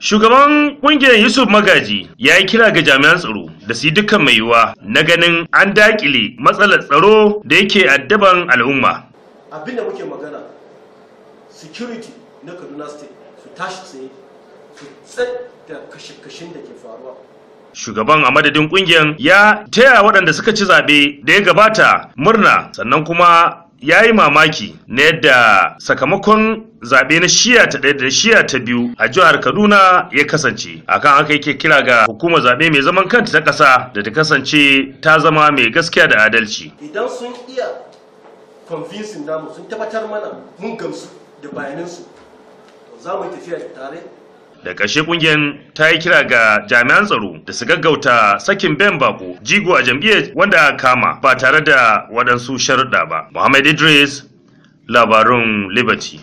Shugaban kungiyar Yusuf Magaji ya yi kira ga jami'an tsaro da su yi dukkan mai yiwuwa na ganin an dakile matsalar tsaro da yake addaban al'umma. Abin da muke magana security na Kaduna State su tashi tsaye su da kashe-kashen da ke faruwa. Shugaban a madadin kungiyar ya taya waɗanda suka ci zaɓe da ya gabata murna sannan kuma ya yi mamaki na yadda sakamakon zaɓe na shiya ta ɗaya da shiya ta biyu a jihar kaduna ya kasance akan aka yake kira ga hukumar zaɓe mai zaman kanta ta ƙasa da ta kasance ta zama mai gaskiya da adalci idan sun iya convincing namu sun tabbatar mana mun gamsu da bayanansu za mu tafiya tare da ƙarshe ƙungiyar ta yi kira ga jami'an tsaro da su gaggauta sakin ben bako jigo a jam'iyyar wanda kama ba tare da waɗansu sharuɗa ba muhammad idris labarun liberty